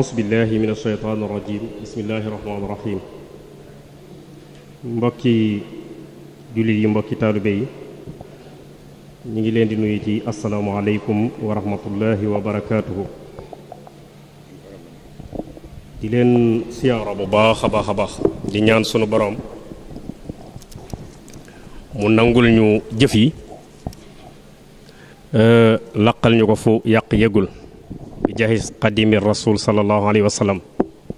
aus billahi min alsheytaan irrajim bismillahi irahmaan irahim mbokki jullit yi mbokki taalibe yi ñu ngi leen di nuyu ci asalaamualeykum wa rahmatullahi wa barakaatuhu di leen siyaara bu baax a baax a baax di ñaan sunu boroom mu nangul ñu jëf yi euh, laqal ñu ko fu yàq yëgul jahi qadimi rasul sallallahu alayhi wa sallam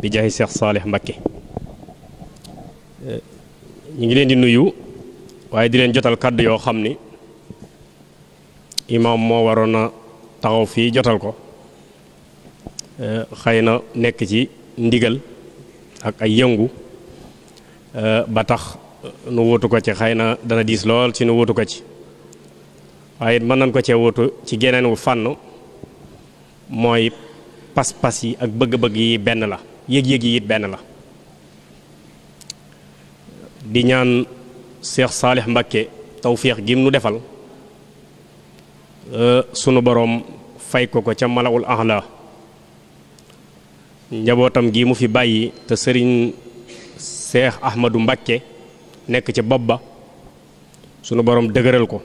bi jahi Cheikh Saalih Mbacké eh, ngi leen di nuyu waaye di leen jotal kàddu yoo xam ni imaam moo waroon a taxaw fii jotal ko eh, xëy na nekk ci ndigal ak ay yëngu eh, ba tax nu wutu ko ci xëy na dana diis lool ci nu wutu ko ci waaye mën nañ ko cee wutu ci geneen wu fànn mooy pas-pas yi ak bëgg-bëgg yi benn la yëg-yëg yi it benn la di ñaan Cheikh Saalih Mbacké tawféex gi mu nu defal euh, sunu boroom fay ko ko ca malawul ax ahla njabootam gi mu fi bàyyi te sëriñ Cheikh Ahmadou Mbacké nekk ca bopp ba sunu boroom dëgëral ko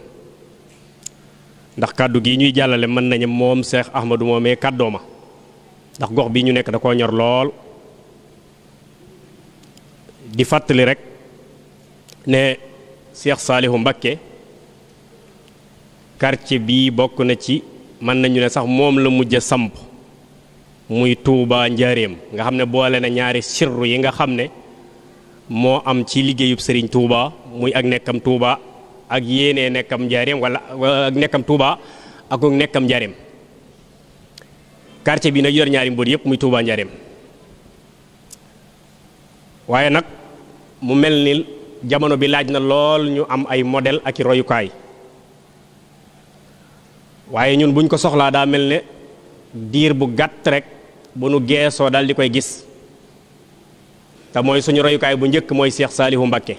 ndax kàddu gi ñuy jàllale mën nañu moom Cheikh Ahmadou moomee kàddoo ma ndax gox bi ñu nekk da koo ñor lool di fàttali rek ne Cheikh Saalihu Mbakke quartier bii bokk na ci mën nañu ne sax moom la mujj a samp muy Touba Njaareem nga xam ne boole na ñaari sirru yi nga xam ne moo am ci liggéeyub sëriñ tuubaa muy ak nekkam Touba ak yéenee nekkam njaareem walla ak nekkam Touba ak nekkam njaareem quartier bi na yor ñaari mbóot yëpp muy Touba njaareem waaye nag mu mel ni jamono bi laaj na lool ñu am ay model ak royukaay waaye ñun buñ ko soxlaa daa mel ne diir bu gàtt rek bu nu geesoo daal di koy gis te mooy suñu royukaay bu njëkk mooy Seex Saalihu Mbakke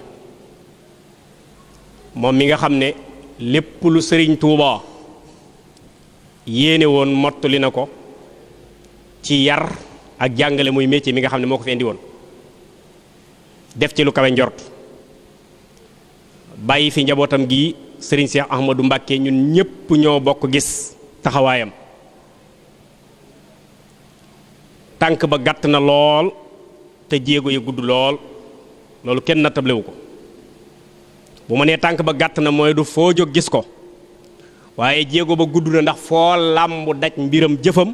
moom mi nga xam ne lépp lu sëriñ tuuba yéene woon mottali na ko ci yar ak jàngale muy métier mi nga xam ne moo ko fi woon def ci lu kawe njort bàyyi fi njabootam gi sëriñ Cheikh Ahmadou Mbacke ñun ñëpp ñoo bokk gis taxawaayam tànk ba gàtt na lool te jéego yi gudd lool loolu kenn nattable wu ko bu ma nee tànk ba gàtt na mooy du foo jóg gis ko waaye jéego ba gudd na ndax foo làmb daj mbiram jëfam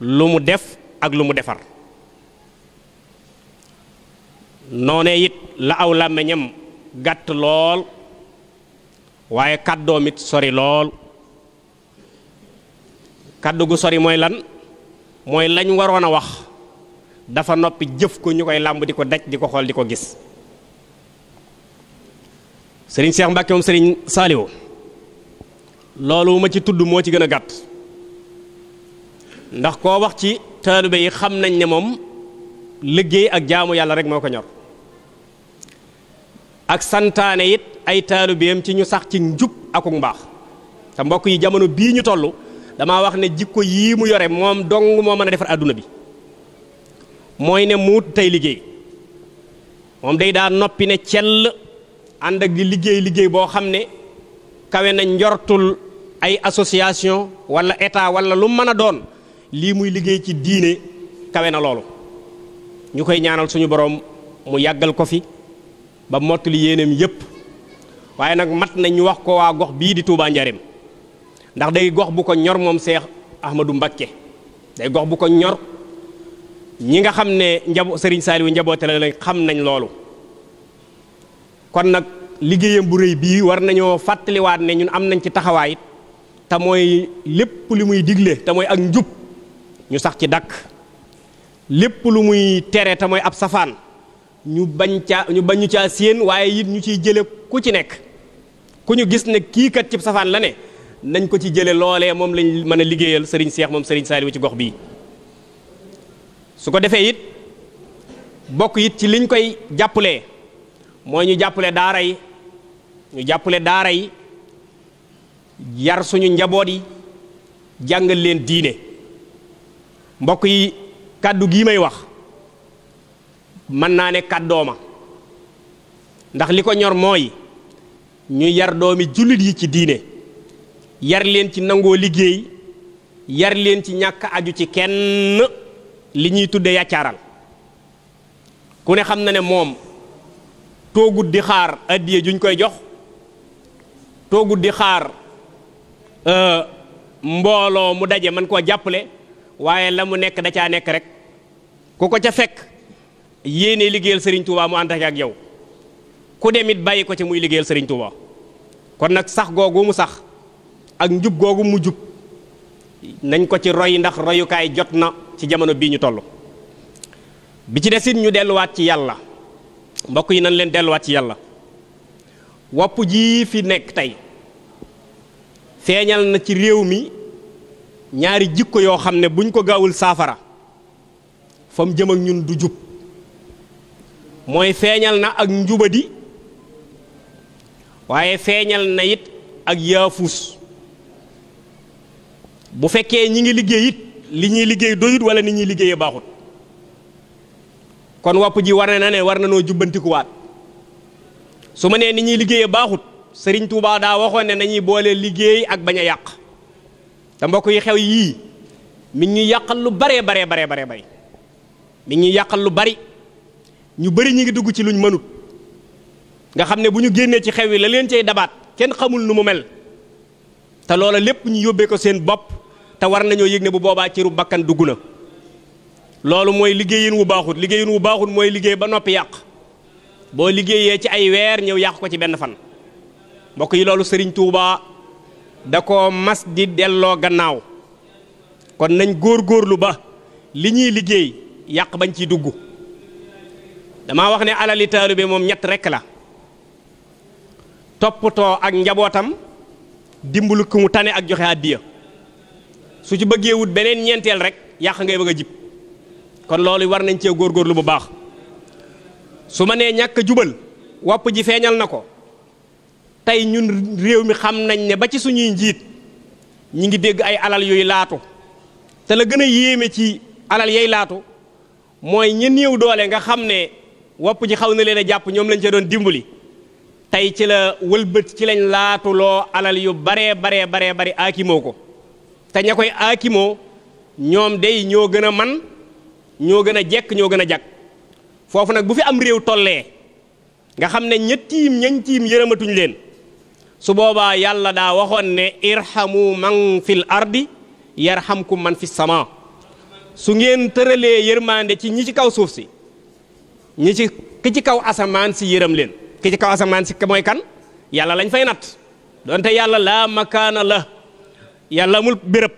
lu mu def ak lu mu defar noonee it la aw làmmiñam gàtt lool waaye kàddoom sori lool kàdd gu sori mooy lan mooy lañ waroon a wax dafa noppi jëf ko ñu koy làmb di ko daj di ko xool di ko gis sëriñ Cheikh Mbacke moom sëriñ Saliou loolu ma ci tudd moo ci gën a gàtt ndax koo wax ci taalibe xam nañ ne moom liggéey ak jaamu yàlla rek moo ko ñor ak santaane yit ay taalibeem ci ñu sax ci njub akuk mbaax te mbokk yi jamono bii ñu toll damaa wax ne jikko yii mu yore moom dong moo mën a defar àdduna bi mooy ne muut tey liggéey moom day daa noppi ne cell ànd ak di liggéey liggéey boo xam ne kawe na njortul ay association wala état wala lu mën a doon lii muy liggéey ci diine kawe na loolu ñu koy ñaanal suñu boroom mu yàggal ko fi ba mottali yéeneem yépp waaye nag mat na ñu wax ko waa gox bii di Touba Njarim ndax day gox bu ko ñor moom Seex Ahmadou Mbakke day gox bu ko ñor ñi nga xam ne njabo Serigne Saliou njaboote la xam nañ loolu kon nag liggéeyam bu rëy bii war nañoo fàttaliwaat ne ñun am nañ ci taxawaayit te mooy lépp li muy digle tamooy ak njub ñu sax ci dakk lépp lu muy tere tamooy ab safaan ñu bañ caa ñu bañ ñu caa séen waaye it ñu ciy jële ku ci nekk ku ñu gis ne kii kat cib safaan la ne nañ ko ci jële loole moom lañ mën a liggéeyal sëriñ Seex moom sëriñ Saaliwu ci gox bii su ko defee it bokk it ci liñ koy jàppalee mooy ñu jàppale daara yi ñu jàppale daara yi yar suñu njaboot yi jàngal leen diine mbokk yi kàddu gii may wax mën naa ne kàddooma ndax li ko ñor mooy ñuy yar doomi jullit yi ci diine yar leen ci nangoo liggéey yar leen ci ñàkk aju ci kenn li ñuy tudd yàccaaral ku ne xam na ne moom toogut di xaar addiye juñ koy jox toogut di xaar euh, mbooloo mu daje man koo jàppale waaye la mu nekk da caa nekk rek ku ko ca fekk yéene liggéeyal sëriñ Touba mu ànd ak yow ku dem bàyyi ko ci muy liggéeyal sëriñ Touba kon nag sax googu mu sax ak njub googu mu jub nañ ko ci roy ndax royukaay jot na ci jamono bii ñu toll bi ci desit ñu delluwaat ci yàlla mbokk yi nañ leen delluwaat ci yàlla wopp jii fi nekk tey feeñal na ci réew mi ñaari jikko yoo xam ne buñ ko gaawul saafara fa mu jëm ak ñun du jub mooy feeñal na ak njubadi waaye feeñal na it ak yaafus bu fekkee ñi ngi liggéey it li ñuy liggéey doyut wala ni ñuy liggéeyee baaxut kon wopp ji war na ne war na noo jubbantikuwaat su ma nee ni ñuy liggéeyee baaxut sëriñ tuubaa daa waxoon ne nañuy boole liggéey ak bañ a yàq te mbokk yi xew yii mi ngi ñuy yàqal lu baree baree baree baree bari mi ngi ñuy yàqal lu bari ñu bari ñu ngi dugg ci luñ mënut nga xam ne bu ñu génnee ci xew yi la leen cay dabaat kenn xamul nu mu mel te loola lépp ñu yóbbee ko seen bopp te war nañoo yëg ne bu boobaa ciru bakkan dugg na. loolu mooy liggéeyin wu baaxut liggéeyin wu baaxut mooy liggéey ba noppi yàq boo liggéeyee ci ay weer ñëw yàq ko ci benn fan mbokk yi loolu sëriñ Touba da ko mas di delloo gannaaw kon nañ góorlu ba li ñuy liggéey yàq bañ ciy dugg dama wax ne alali taalibe moom ñett rekk la toppatoo ak njabootam dimbalu ku mu tane ak joxe àddiya su ci bëggee wut beneen ñeenteel rek yàq ngay bëgg a jib kon loolu war nañ cee góorlu bu baax su ma nee ñàkk jubal wopp ji feeñal na ko tey ñun réew mi xam nañ ne ba ci suñuy njiit ñi ngi dégg ay alal yuy laatu te la gën a yéeme ci alal yay laatu mooy ña néew doole nga xam ne wopp ji xaw na leen a jàpp ñoom lañ ca doon dimbali tey ci la wëlbët ci lañ loo alal yu baree baree baree bari aakimoo ko te ña koy aakimoo ñoom day ñoo gën a man ñoo gën a jekk ñoo gën a jag foofu nag bu fi am réew tollee nga xam ne ña tiim ñañ yërëmatuñ leen su boobaa yàlla daa waxoon ne irhamu man fil ardi yarhamkum man fi sama su ngeen tëralee yërmande ci ñi ci kaw suuf si ñi ci ki ci kaw asamaan si yërëm leen ki ci kaw asamaan si mooy kan yàlla lañ fay natt donte yàlla laa makaana la yàlla amul béréb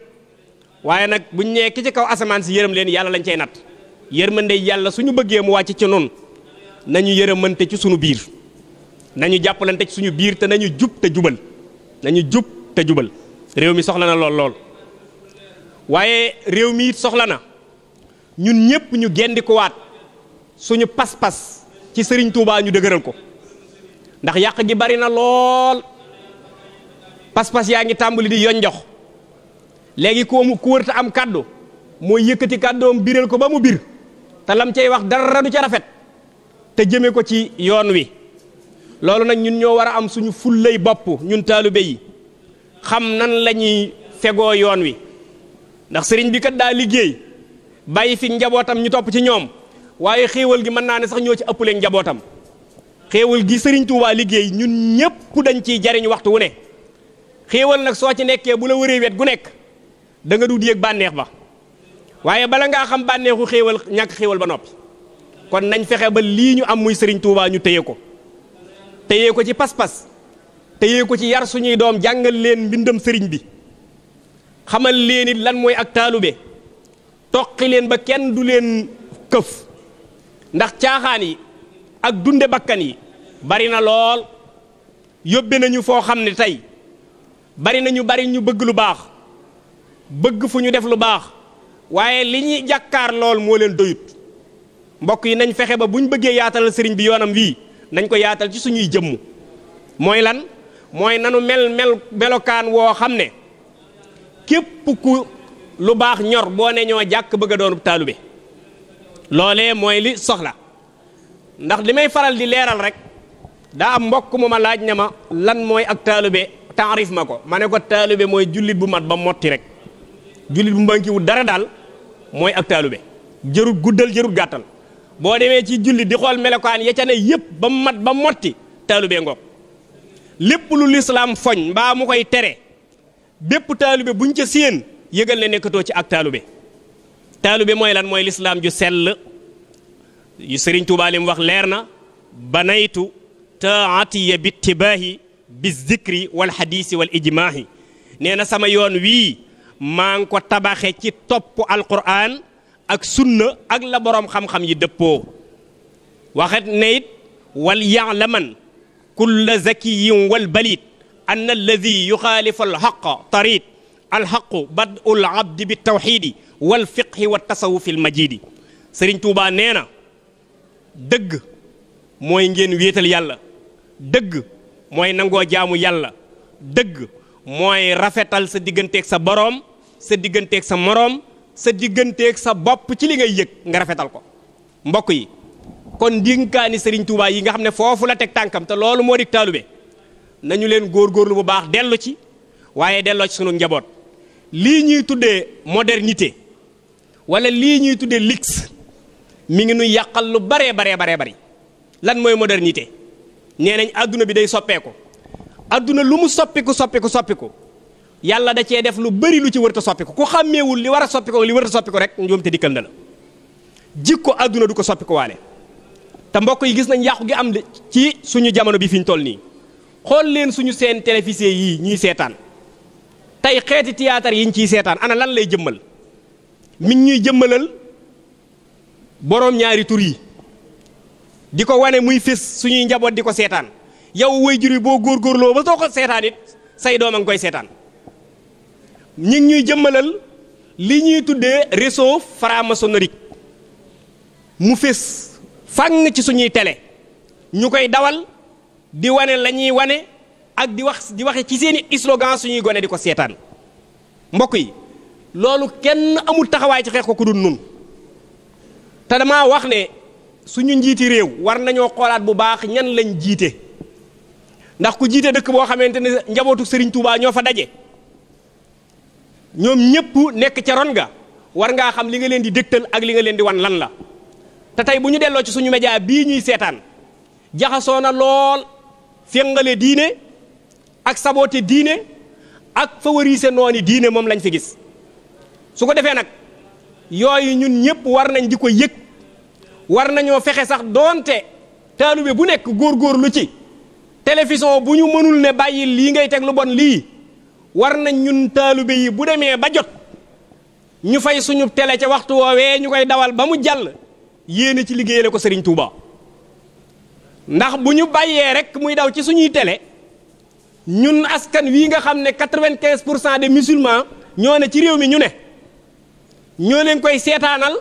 waaye nag buñ nee ki ci kaw asamaan si yërëm leen yàlla lañ cay natt yërmande yàlla suñu bëggee mu wàcc ci noonu nañu yërëmante ci suñu biir nañu jàppalante ci suñu biir te nañu jub te jubal nañu jub te jubal réew mi soxla na lool lool waaye réew mi it soxla na ñun ñëpp ñu gendi ko suñu pas-pas ci sëriñ Touba ñu dëgëral ko ndax yàq gi bari na lool pas-pas yaa ngi tàmbali di yonjox léegi ku ku wërta am kàddu mooy yëkkati kàddoom biral ko ba mu bir te lam cey wax dara du ca rafet te jëme ko ci yoon wi loolu nag ñun ñoo war a am suñu fullay bopp ñun taalibe yi xam nan lañuy ñuy fegoo yoon wi ndax sëriñ bi kat daa liggéey bàyyi fi njabootam ñu topp ci ñoom waaye xéewal gi mën naa ne sax ñoo ci ëppale njabootam xéewal gi sëriñ Tuubaa liggéey ñun ñëpp dañ ciy jariñ waxtu wu ne xéewal nag soo ci nekkee bu la wëree wet gu nekk danga nga dut yëg bànneex ba waaye bala ngaa xam bànneexu xéewal ñàkk xéewal ba noppi kon nañ fexe ba lii ñu am muy sëriñ Touba ñu téye ko téye ko ci pas-pas téye ko ci yar suñuy doom jàngal leen mbindam sëriñ bi xamal leen it lan mooy ak taalube toqi leen ba kenn du leen këf ndax caaxaan yi ak dunde bakkan yi bari na lool yóbbe nañu foo xam ne tey bari nañu bari ñu bëgg lu baax bëgg fu ñu def lu baax waaye li ñuy jàkkaar lool moo leen doyut mbokk yi nañ fexe ba buñ bëggee yaatalal sëriñ bi yoonam wii nañ ko yaatal ci suñuy jëmm mooy lan mooy nanu mel mel melokaan woo xam ne képp ku lu baax ñor boo ne ñoo jàkk bëgg a doon taalube loolee mooy li soxla ndax li may faral di leeral rek daa am mbokk mu ma laaj ne ma lan mooy ak taalube taarif ma ko ma ne ko taalube mooy jullit bu mat ba motti rek jullit bu mbankiwu dara daal mooy ak taalube jërut guddal jërut gàttal boo demee ci julli di xool melokaan ya ca yëpp ba mat ba motti taalube ngoog lépp lu lislaam foñ mbaa mu koy tere bépp taalube buñ ca séen yëgal ne nekkatoo ci ak taalube taalube mooy lan mooy lislaam ju sell yu sëriñ Tuubaa wax leer na banaytu taatiya bittibaahi bi zikri wal xadiisi wal ijmaahi nee na sama yoon wii maa ngi ko tabaxe ci topp alquran ak sunna ak la boroom xam-xam yi dëppoo waxet ne it wal yaalaman kulla zakiyin wal balit ann alladi yuxaalifu alxaqa tarit alxaqu badu labdi bi tawxidi wal fiqhi wa tasawufi almajidi sëriñ tuubaa nee na dëgg mooy ngeen wéetal yàlla dëgg mooy nangoo jaamu yàlla dëgg mooy rafetal sa digganteeg sa boroom sa digganteeg sa moroom sa digganteeg sa bopp ci li ngay yëg nga rafetal ko mbokk yi kon ndinkaani Serigne Touba yi nga xam ne foofu la teg tànkam te loolu moo dik taalube nañu leen góor góorlu bu baax dellu ci waaye delloo ci sunu njaboot lii ñuy tuddee modernité wala lii ñuy tuddee luxe mi ngi nu yàqal lu baree baree baree bari lan mooy modernité nee nañ àdduna bi day soppeeku. adduna lu mu soppiku soppiku soppiku yàlla da cee def lu bëri lu ci wërta soppiku ku xàmmewul li war a soppiku li wërta soppiku rek njuumte dikkal na la jikko adduna du ko soppiku waane te mbokk yi gis nañ yàqu gi am ci suñu jamono bi fi ñu toll nii xool leen suñu seen télévisé yii ñuy seetaan tey xeeti théâtre yi ñu ciy seetaan ana lan lay jëmmal mi ñuy jëmmalal boroom ñaari tur yi di ko wane muy fés suñuy njaboot di ko seetaan yow waajur yi boo góorgóorloo ba soo ko seetaan it say doom a ngi koy seetaan ñu ñuy jëmmalal li ñuy tuddee réseau franc-maçonnique mu fés fang ci suñuy tele ñu koy dawal di wane la ñuy wane ak di wax di waxe ci seeni slogan suñuy gone di ko seetaan mbokk yi loolu kenn amul taxawaay ci xeex ko ku dul nun te damaa wax ne suñu njiiti réew war nañoo xoolaat bu baax ñan lañ jiite ndax ku jiite dëkk boo xamante ne njabootu sëriñ Touba ñoo fa daje ñoom ñëpp nekk ca ron ga war ngaa xam li nga leen di dégtal ak li nga leen di wan lan la te tey bu ñu delloo ci suñu média bii ñuy seetaan jaxasoo na lool fengale diine ak saboté diine ak favoriser nooni diine moom lañ fi gis su ko defee nag yooyu ñun ñëpp war nañ di ko yëg war nañoo fexe sax doonte taalube bu nekk góor góorgóorlu ci. télévision bu ñu mënul ne bàyyi lii ngay teglu bon lii war nañ ñun taalibe yi bu demee ba jot ñu fay suñu tele ca waxtu woowee ñu koy dawal ba mu jàll yéene ci liggéeyale ko Serigne Touba ndax bu ñu bàyyee rek muy daw ci suñuy tele ñun askan wii nga xam ne quatre vingt pour cent des musulmans ñoo ne ci réew mi ñu ne ñoo leen koy seetaanal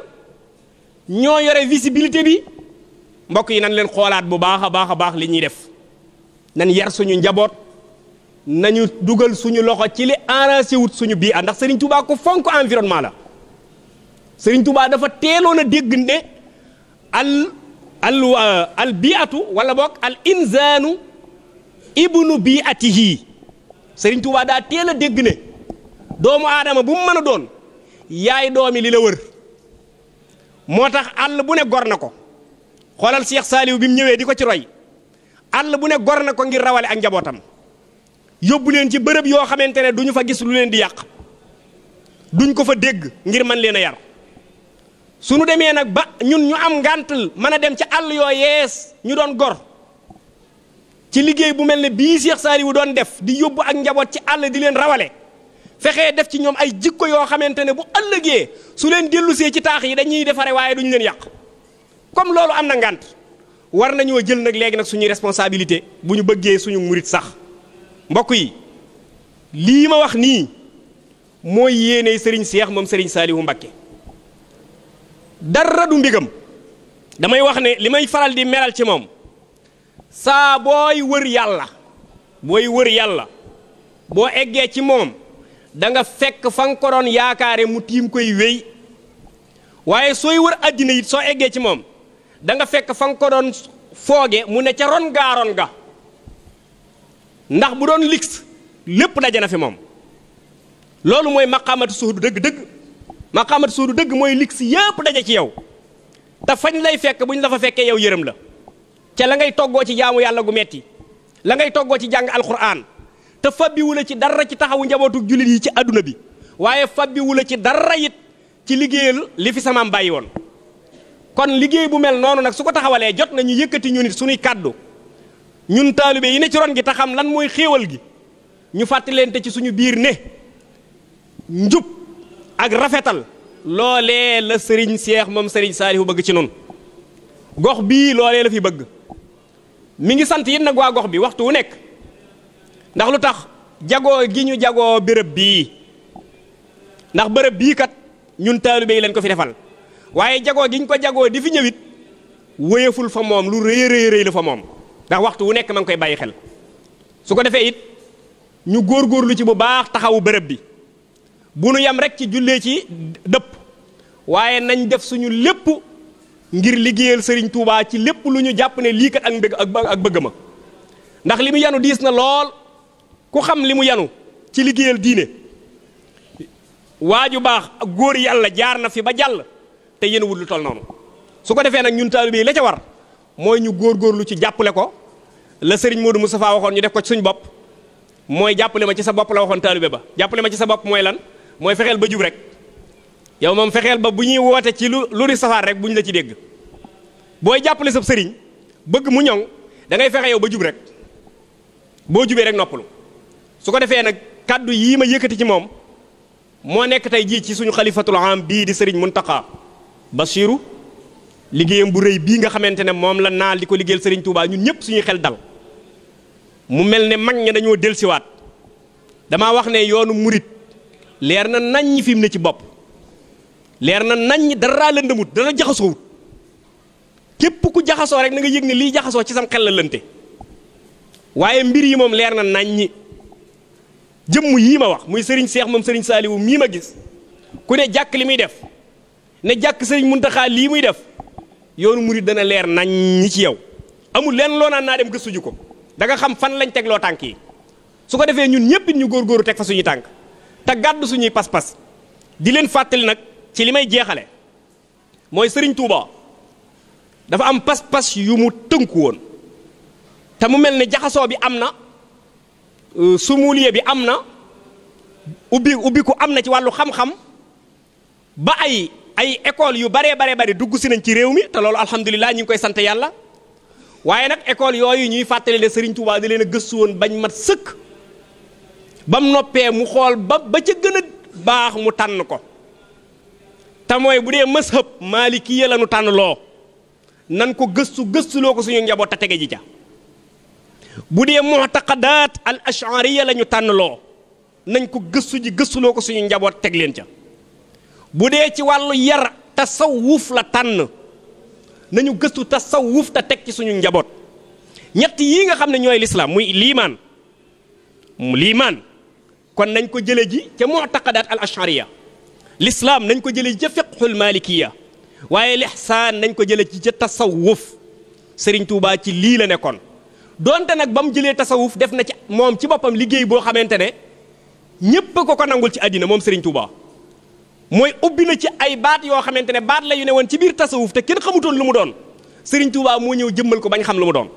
ñoo yore visibilité bi mbokk yi nan leen xoolaat bu baax a baax a baax li ñuy def. nañ yar suñu njaboot nañu dugal suñu loxo ci li arrangé suñu bii a ah, ndax Serigne Touba ko fonk environnement la Serigne Touba dafa teeloon a dégg ne al al euh, al biatu wala boog al insaanu ibnu biatihi Serigne Touba daa teel a dégg ne doomu aadama bu mu mën a doon yaay doomi li la wër moo tax àll bu ne gor na ko xoolal Cheikh Saliou bi mu ñëwee di ko ci roy àll bu ne gor na ko ngir rawale ak njabootam yóbbu leen ci bërëb yoo xamante ne du ñu fa gis lu leen di yàq duñ ko fa dégg ngir mën leen a yar suñu demee nag ba ñun ñu am ngàntal mën a dem ci àll yoo yees ñu doon gor ci liggéey bu mel ne bii Seex wu doon def di yóbbu ak njaboot ci àll di leen rawale fexee def ci ñoom ay jikko yoo xamante ne bu ëllëgee su leen dellusee ci taax yi dañuy defare waaye duñ leen yàq comme loolu am na ngànt war nañoo jël nag léegi nag suñuy responsabilité bu ñu bëggee suñu murit sax mbokk yi lii ma wax nii mooy yéene sëriñ Seex moom sëriñ Saalihu Mbakke dara du mbigam damay wax ne li may faral di meral ci moom saa booy wër yàlla booy wër yàlla boo eggee ci moom danga nga fekk fa ko doon yaakaare mu tiim koy wéy waaye sooy wër àddina it soo eggee ci moom danga fekk fa nga ko doon fooge mu ne ca ron gaa ron ga ndax bu doon ligs lépp daje na fi moom loolu mooy maqaamatu suudu dëgg-dëgg maqaamatu suudu dëgg mooy ligs yépp daje ci yow te fañ lay fekk buñ la fa fekkee yow yërëm la ca la ngay toggoo ci jaamu yàlla gu metti la ngay toggoo ci jàng alquran te fabbiwu la ci dara ci taxawu njabootu jullit yi ci àdduna bi waaye fabbiwu la ci dara it ci liggéeyal li fi samaam bàyyi woon kon liggéey bu mel noonu nag su ko taxawalee jot nañu yëkkati ñu nit suñuy kàddu ñun taalibe yi ne ci ron gi te xam lan mooy xéewal gi ñu fàttalente ci suñu biir ne njub ak rafetal loolee la sëriñ seex moom sëriñ saalihu bëgg ci noonu gox bii loolee la fi bëgg mu ngi sant yit nag waa gox bi waxtu wu nekk ndax lu tax jagoo gi ñu jagoo bërëb bii ndax bërëb bii kat ñun taalibe yi lañ ko fi defal waaye jagoo giñ ko jagoo di fi ñëwit wéyeful fa moom lu rëy rëy rëy fa moom ndax waxtu wu nekk ma koy bàyyi xel su ko defee it ñu góor góorgóorlu ci bu baax taxawu bërëb bi bu nu yam rek ci jullee ci dëpp waaye nañ def suñu lépp ngir liggéeyal sëriñ tuubaa ci lépp lu ñu jàpp ne lii kat ak mbëgg ak bëgg ma ndax li mu yanu diis na lool ku xam li mu yanu ci liggéeyal diine waa ju baax ak góor yàlla jaar na fi ba jàll te yéen wut lu toll noonu su ko defee nag ñun taalibe yi la ca war mooy ñu góorgóorlu ci jàppale ko la Serigne Modou Moustapha waxoon ñu def ko ci suñ bopp mooy jàppale ma ci sa bopp la waxoon taalibe ba jàppale ma ci sa bopp mooy lan mooy fexeel ba jub rek yow moom fexeel ba bu ñuy woote ci lu lu di safaar rek bu ñu la ci dégg booy jàppale sab sëriñ bëgg mu ñoŋ dangay fexe yow ba jub rek boo jubee rek noppalu su ko defee nag kàddu yii ma yékkati ci moom moo nekk tey jii ci suñu xalifatul am bii di sëriñ Basiiru liggéeyam bu rëy bii nga xamante ne moom la naal di ko liggéeyal Serigne Touba ñun ñëpp suñuy xel dal mu mel ne mag ña dañoo dellusiwaat damaa wax ne yoonu murit leer na naññ fi mu ne ci bopp leer na naññ dara lëndëmut dara jaxasoowut képp ku jaxasoo rek na nga yég ne lii jaxasoo ci sam xel la lënte waaye mbir yi moom leer na naññi jëmm yii ma wax muy sëriñ Seex moom sëriñ Saaliwu mii ma gis ku ne jàkk li muy def. ne jàkk sëriñ Muntaxa lii muy def yoonu murit dana leer nañ ñi ci yow amul leen loo naan naa dem gëstuju ko danga xam fan lañ tegloo tànk yi su ko defee ñun ñëpp ñu góor góorgóoru teg fa suñuy tànk te gàddu suñuy pas-pas di leen fàttali nag ci li may jeexale mooy sëriñ Touba dafa am pas-pas yu mu tënku woon te mu mel ne jaxasoo bi am na euh, sumuliye bi am na ubbi ubbi ko am na ci wàllu xam-xam ba ay ay école yu baree baree bari dugg si nañ ci réew mi te loolu alhamdulilah ñu ngi koy sant yàlla waaye nag école yooyu ñuy fàttali ne Serigne Touba leen gëstu woon bañ mat sëkk ba noppee mu xool ba ba ca gën a baax mu tànn ko te bu dee mashab maalikiya la nu tànn loo nan ko gëstu gëstuloo ko suñu njaboot a tege ji ca bu dee mu'taqadaat al ashariya la ñu tànn loo nañ ko gëstu gëstuloo ko suñu njaboot teg leen ca. bu dee ci wàllu yar tasawuf la tànn nañu gëstu tasawuf te teg ci suñu njaboot ñett yii nga xam ne ñooy lislaam muy liimaan liimaan kon nañ ko jële ji ca mu'taqadaat al ashariya lislaam nañ ko jële ji ca fiqhul malikiya waaye lixsaan nañ ko jële ji ca tasawuf sëriñ Tuubaa ci lii la nekkoon doonte nag ba mu jëlee tasawuf def na ci moom ci boppam liggéey boo xamante ne ñépp ko ko nangul ci àddina moom sëriñ Tuubaa mooy ubbi na ci ay baat yoo xamante ne baat la yu ne woon ci biir tasawuf te kenn xamutoon lu mu doon Serigne Touba moo ñëw jëmmal ko bañ xam lu mu doon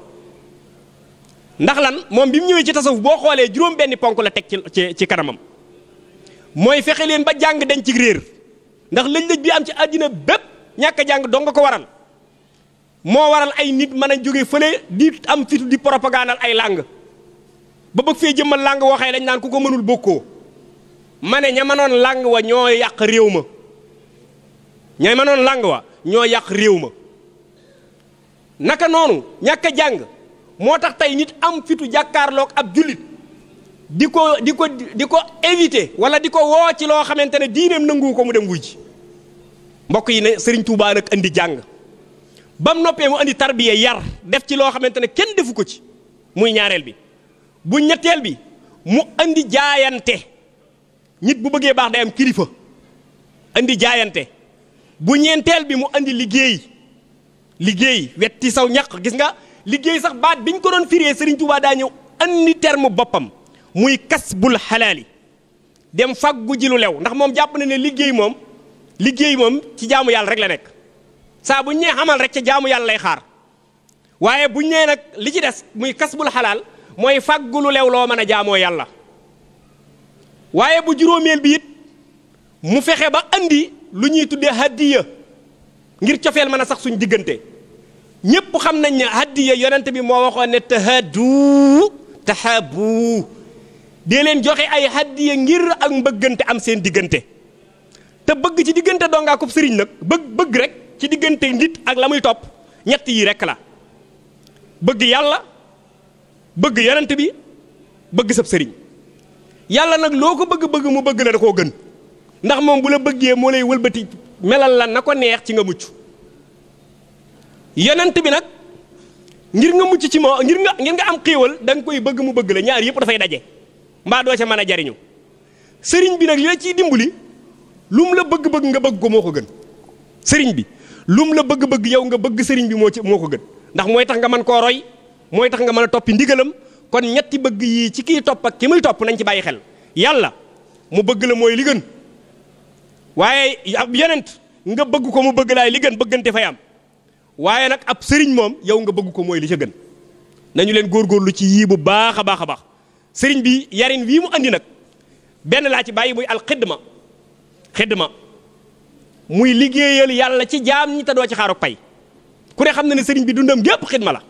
ndax lan moom bi mu ñëwee ci tasawuf boo xoolee juróom benni ponk la teg ci ci kanamam mooy fexe leen ba jàng dañ ci réer ndax lëj-lëj bi am ci àddina bépp ñàkk a jàng dong nga ko waral moo waral ay nit mën a jóge fële di am fitu di propagandal ay làng ba bëgg fee jëmmal làng waxee dañ naan ku ko mënul bokkoo ma ne ña mënoon làng wa ñoo yàq réew ma ña mënoon làng wa ñoo yàq réew ma naka noonu ñàkk jàng moo tax tey nit am fitu jàkkaarloog ab jullit di ko di ko di ko éviter wala di ko woo ci loo xamante ne diineem nangu ko mu dem wuy ji mbokk yi ne Serigne Touba andi jàng bam noppee mu andi tarbiya yar def ci loo xamante ne kenn defu ko ci muy ñaareel bi bu ñetteel bi mu andi jaayante nit bu bëggee baax day am kilifa indi jaayante bu ñeenteel bi mu indi liggéey liggéey wetti saw ñaq gis nga liggéey sax baat biñ ko doon firee Serigne Touba daa ñëw andi terme boppam muy kas bul xalaali dem fàggu ji lu lew ndax moom jàpp na ne liggéey moom liggéey moom ci jaamu yàlla rek la nekk saa bu ñee xamal rek ca jaamu yàlla lay xaar waaye buñ nee nag li ci des muy kas bul xalaal mooy fàggu lu lew loo mën a jaamoo yàlla waaye bu juróomeel bi it mu fexe ba andi lu ñuy tuddee hadiya ngir cofeel mën a sax suñu diggante ñépp xam nañ ne hadiya yonent bi moo waxoon ne tahadu tahabu dee leen joxe ay hadiya ngir ak mbëggante am seen diggante te bëgg ci diggante dongaa ko sëriñ nag bëgg bëgg rek ci diggante nit ak la muy topp ñett yi rek la bëgg yàlla bëgg yonent bi bëgg sab sëriñ yàlla nag loo ko bëgg-bëgg mu bëgg la da koo gën ndax moom bu la bëggee moo lay wëlbati melal la na ko neex ci nga mucc yonent bi nag ngir nga mucc ci ma ngir nga ngir nga am xéewal danga koy bëgg mu bëgg la ñaar yëpp dafay daje mbaa doo ca mën a jariñu sëriñ bi nag li la ciy dimbali lu mu la bëgg-bëgg nga bëgg ko moo ko gën sëriñ bi lu mu la bëgg-bëgg yow nga bëgg sëriñ bi moo ci moo ko gën ndax mooy tax nga mën koo roy mooy tax nga mën a toppi ndigalam kon ñetti bëgg yii ci kii topp ak ki muy topp nañ ci bàyyi xel yàlla mu bëgg la mooy li gën waaye ab yonent nga bëgg ko mu bëgg laay li gën bëggante fay am waaye nag ab sëriñ moom yow nga bëgg ko mooy li ca gën nañu leen góorgóorlu ci yii bu baax a baax a baax sëriñ bi yarin wii mu andi nag benn laa ci bàyyi muy alxidma xidma muy liggéeyal yàlla ci jaam ñi te doo ci xaarok pay ku ne xam na ne sëriñ bi dundam gépp xidma la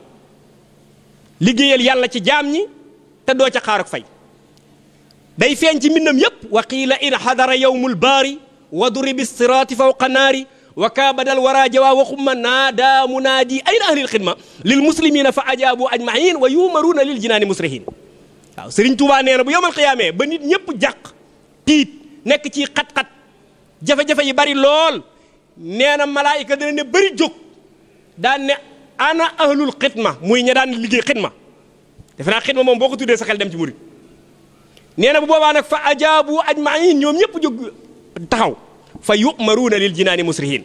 liggéeyal yàlla ci jaam ñi te doo ca xaar ak fay day feeñ ci mbindam yépp wa qiila in xadara yowmul baari wa duribi siraati fawqa naari wa kaabadal wara jawa wa xumma naada munaadi ayna ahlil xidma lil muslimina fa ajaabu ajmain wa yumaruuna lil jinaani musrihin waaw sëriñ Tuubaa bu yowmal qiyaamee ba nit ñëpp jàq tiit nekk ci xat-xat jafe-jafe yi bari lool nee na malaayika ne bëri jóg daan ne ana ahlul xidma muy ña daan liggéey xidma defe naa xidma moom boo ko tuddee sa xel dem ci murit nee na bu boobaa nag fa ajaabu ajmain ñoom ñëpp jóg taxaw fa yumaruuna lil jinaani musrihin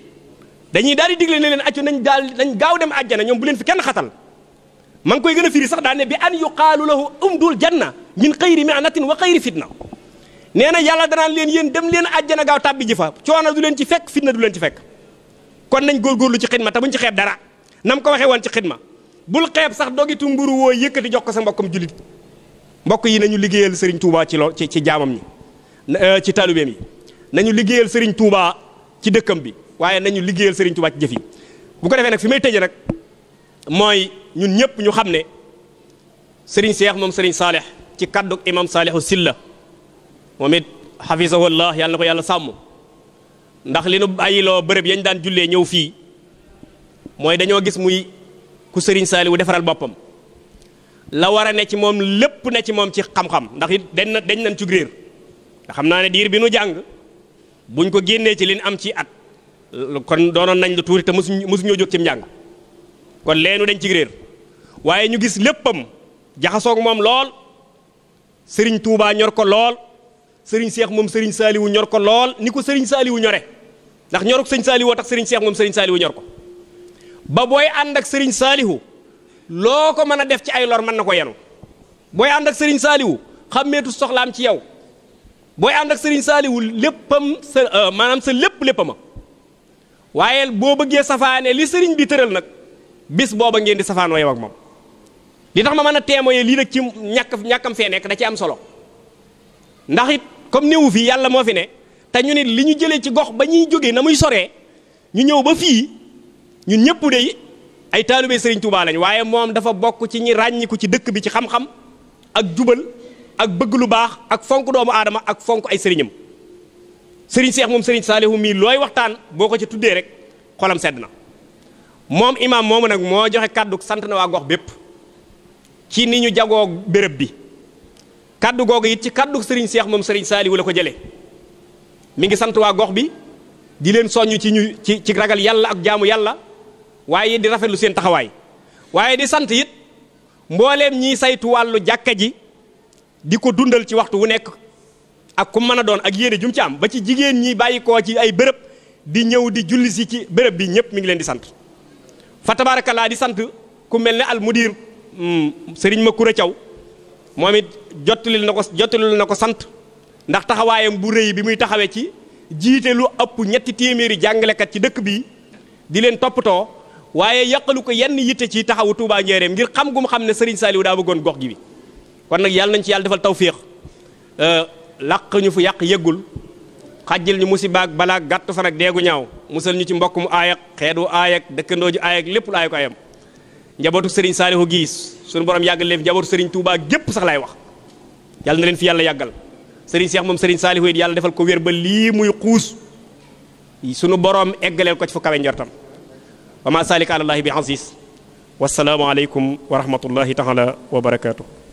dañuy daal di digle na leen accu nañ daal nañ gaaw dem àjjana ñoom bu leen fi kenn xatal ma ngi koy gën a firi sax daan ne bi an yuqaalu lahu umdul janna min xayri mihnatin wa xayri fitna nee na yàlla danaan leen yéen dem leen àjjana gaaw tàbbi ji fa coono du leen ci fekk fitna du leen ci fekk kon nañ góorgóorlu ci xidma te buñ ci xeeb dara nam ko waxee woon ci xidma bul xeeb sax dogitu mburu woo yëkkati jox ko sa mbokkam jullit mbokk yi nañu liggéeyal Serigne Touba ci loo ci ci jaamam ñi euh, ci taalibeem yi nañu liggéeyal sëriñ Touba ci dëkkam bi waaye nañu liggéeyal Serigne Touba ci jëf yi bu ko defee nag fi may tëjee nag mooy ñun ñëpp ñu xam ne sëriñ Seex moom sëriñ Saalix ci kaddu imam Saalixu Silla moom it xafisahu Allah yàlla na ko yàlla sàmm ndax li nu bàyyiloo bërëb yañ daan jullee ñëw fii. mooy dañoo gis muy ku sëriñ Saaliwu defaral boppam la war a ne ci moom lépp ne ci moom ci xam-xam ndax it dañ na dañ nañ ci réer nga xam naa ne diir bi nu jàng buñ ko génnee ci liñ am ci at kon doonoon nañ lu tuuti te mosuñ mosuñoo jóg ci njàng kon leenu dañ ci réer waaye ñu gis léppam jaxasoog moom lool sëriñ Touba ñor ko lool sëriñ Seex moom sëriñ Saaliwu ñor ko lool ni ko sëriñ Saaliwu ñore ndax ñoruk sëñ Saaliwu tax sëriñ Seex moom sëriñ Saaliwu ñor ko ba booy ànd ak sëriñ saalihu loo ko mën a def ci ay lor mën na ko yenu booy ànd ak sëriñ saalihu xàmmeetu soxlaam ci yow booy ànd ak sëriñ saalihu léppam sa euh, maanaam sa lépp léppama waaye boo bëggee safaanee li sëriñ bi tëral nag bis booba ngeen di safaan yow ak moom li tax ma mën a témoigner lii nag ci ñàkk ñàkkam fee nekk da ci am solo ndax it comme néewu fii yàlla moo fi ne te ñu ne li ñu jëlee ci gox ba ñuy jógee na muy soree ñu ñëw ba fii ñun ñëpp de ay taalibe sëriñ Touba lañ waaye moom dafa bokk ci ñi ràññiku ci dëkk bi ci xam-xam ak jubal ak bëgg lu baax ak fonk doomu aadama ak fonk ay sëriñam sëriñ seex moom Serigne Saliou mii looy waxtaan boo ko ci tuddee rek xolam sedd na moom imaam moomu nag moo joxe kàddu sant na waa gox bépp ci ni ñu jagoo béréb bi kàddu googu it ci kàddu Serigne seex moom sëriñ Saliou la ko jële mu ngi sant waa gox bi di leen soññ ci ñu ci ci ragal yàlla ak jaamu yàlla. waaye di rafetlu seen taxawaay waaye di sant it mbooleem ñiy saytu wàllu jàkka ji di ko dundal ci waxtu wu nekk ak ku mën a doon ak yéene jum ci am ba ci jigéen ñii bàyyi koo ci ay bërëb di ñëw di julli si ci bërëb bi ñëpp mi ngi leen di sant fa tabaarakallaa di sant ku mel ne al mudir mm, sëriñ ma kure caw moom it jottalil na ko jottalil na ko sant ndax taxawaayam bu rëy bi muy taxawee ci jiite lu ëpp ñetti téeméeri jàngalekat ci dëkk bi di leen toppatoo waaye yàqalu ko yenn yitte ci taxawu tuubaa Njaareem ngir xam gu mu xam ne Serigne Saliou daa bëggoon gox gi bi kon nag yàlla nañ ci yàlla defal tawféex euh, làq ñu fu yàq yëggul xajjil ñu mu si musibaak balaa gàtt fan ak deegu ñaaw musal ñu ci mbokk mu aayak xeetu aayak dëkkandoo ji aayak lépp lu aayak ayam njabootu Serigne Saliou giis suñu borom yàggal leen fi njabootu sëriñ Touba gépp sax laay wax yàlla na leen fi yàlla yàggal Serigne Cheikh moom Serigne Saliou yàlla defal ko wér ba lii muy xuus sunu borom eggaleel ko ci fu wa ma saalika alallaahi bi aziz wasalaamu aleykum wa rahmatullahi taala wa barakaatu